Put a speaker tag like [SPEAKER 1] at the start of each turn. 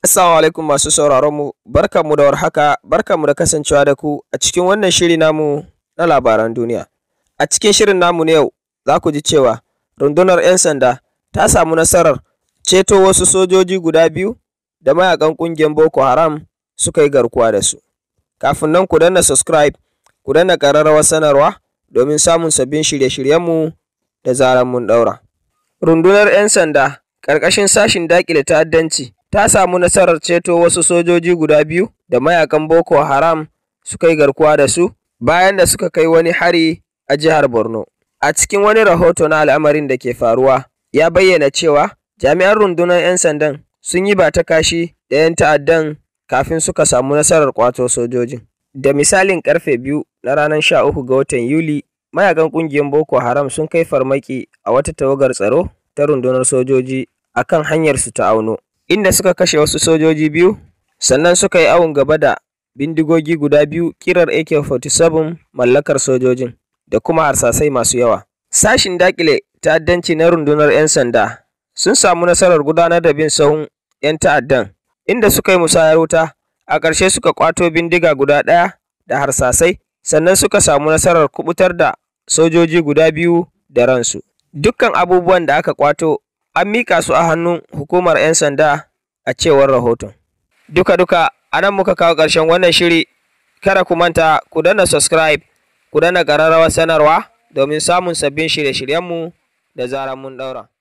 [SPEAKER 1] Assalamu alaikum masu sauraron mu, mu da warhaka, mu da kasancewa da ku a cikin wannan shiri namu na labaran duniya. A cikin shirin namu na yau, za ku ji cewa rundunar 'yan sanda ta samu nasarar ceto wasu sojoji guda biyu da mayakan ƙungiyar Boko Haram suka yi garkuwa da su. Kafin nan ku danna subscribe, ku danna ƙararrawar sanarwa domin samun sabbin shirye-shiryenmu da zarar mun ɗaura. Rundunar 'yan sanda ƙarƙashin sashin daƙile ta'addanci ta samu nasarar ceto wasu sojoji guda biyu da mayakan Boko Haram suka yi garkuwa da su bayan da suka kai wani hari a jihar Borno. A cikin wani rahoto na al'amarin da ke faruwa, ya bayyana cewa jami'an rundunar 'yan sandan sun yi bata kashi da 'yan ta'addan kafin suka samu nasarar kwato sojojin. Da misalin karfe biyu na ranar sha uku ga watan Yuli, mayakan ƙungiyar Boko Haram sun kai farmaki a wata tawagar tsaro ta rundunar sojoji a kan su ta auno. inda suka kashe wasu sojoji biyu, sannan suka yi awon gaba da bindigogi guda biyu kirar AK-47 mallakar sojojin da kuma harsasai masu yawa. Sashin dakile ta'addanci na rundunar 'yan sanda sun samu nasarar gudanar da bin sahun 'yan ta'addan, inda suka yi musayar wuta, a ƙarshe suka kwato bindiga guda ɗaya da harsasai, sannan suka samu nasarar kubutar da sojoji guda biyu da ransu. Dukkan abubuwan da aka kwato an mika su a hannun hukumar 'yan sanda a cewar rahoton. Duka-duka a nan muka kawo ƙarshen wannan shiri, kada ku manta ku danna subscribe, ku danna ƙararrawar sanarwa domin samun sabbin shirye-shiryenmu da zarar mun ɗaura.